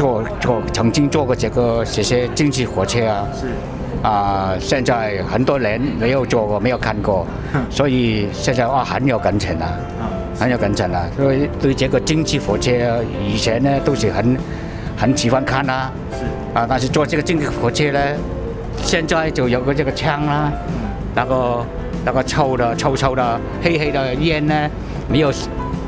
坐坐，曾經坐過這個這些蒸汽火車啊，是啊、呃，現在很多年沒有坐過，沒有看過，哼所以現在哇、啊、很有感情啊，很有感情啊。所以對這個蒸汽火車、啊、以前呢，都是很很喜歡看啦、啊，啊是、呃，但是坐這個蒸汽火車呢，現在就有個這個嗆啦、啊，那個那個臭的臭臭的黑黑的煙呢，沒有。